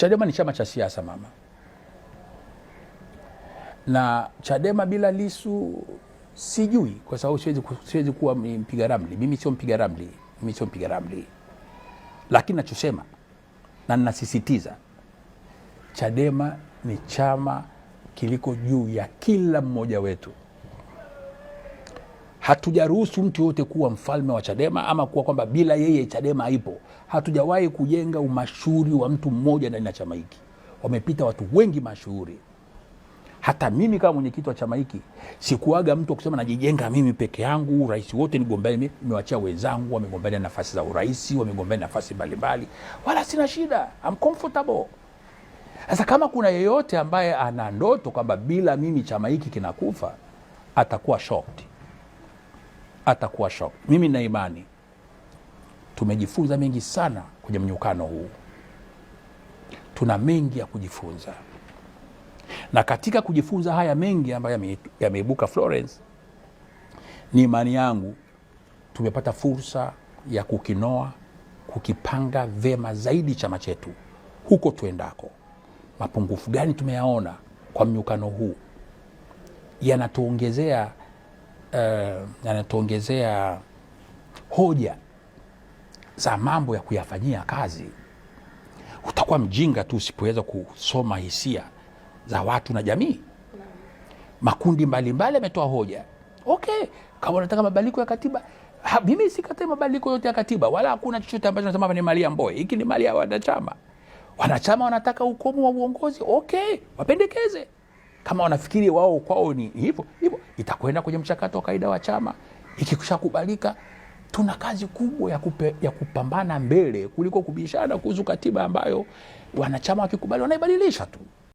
Chadema ni chama cha siasa mama, na Chadema bila Lisu sijui, kwa sababu siwezi, siwezi kuwa mpiga ramli. Mimi sio mpiga ramli, mimi sio mpiga ramli, lakini nachosema na ninasisitiza, Chadema ni chama kiliko juu ya kila mmoja wetu. Hatujaruhusu mtu yoyote kuwa mfalme wa Chadema ama kuwa kwamba bila yeye Chadema haipo. Hatujawahi kujenga umashuhuri wa mtu mmoja ndani ya chama hiki, wamepita watu wengi mashuhuri. Hata mimi kama mwenyekiti wa chama hiki sikuaga mtu kusema najijenga mimi peke yangu, rais wote nigombea, nimewachia wenzangu, wamegombea nafasi za urais, wamegombea nafasi mbalimbali, wala sina shida, I'm comfortable. Sasa kama kuna yeyote ambaye ana ndoto kwamba bila mimi chama hiki kinakufa, atakuwa shocked atakuwa shock. Mimi na imani tumejifunza mengi sana kwenye mnyukano huu, tuna mengi ya kujifunza, na katika kujifunza haya mengi ambayo yameibuka Florence, ni imani yangu tumepata fursa ya kukinoa, kukipanga vema zaidi chama chetu huko tuendako. Mapungufu gani tumeyaona kwa mnyukano huu yanatuongezea uh, anatuongezea hoja za mambo ya kuyafanyia kazi. Utakuwa mjinga tu usipoweza kusoma hisia za watu na jamii. Makundi mbalimbali yametoa mbali hoja. Okay, kama unataka mabadiliko ya katiba ha, mimi sikatai mabadiliko yote ya katiba, wala hakuna chochote ambacho nasema ni mali ya mboe Hiki ni mali ya wanachama. Wanachama wanataka ukomo wa uongozi, okay, wapendekeze kama wanafikiri wao kwao ni hivyo hivyo, itakwenda kwenye mchakato wa kawaida wa chama. Ikishakubalika, tuna kazi kubwa ya, kupe, ya kupambana mbele kuliko kubishana kuhusu katiba ambayo wanachama wakikubali wanaibadilisha tu.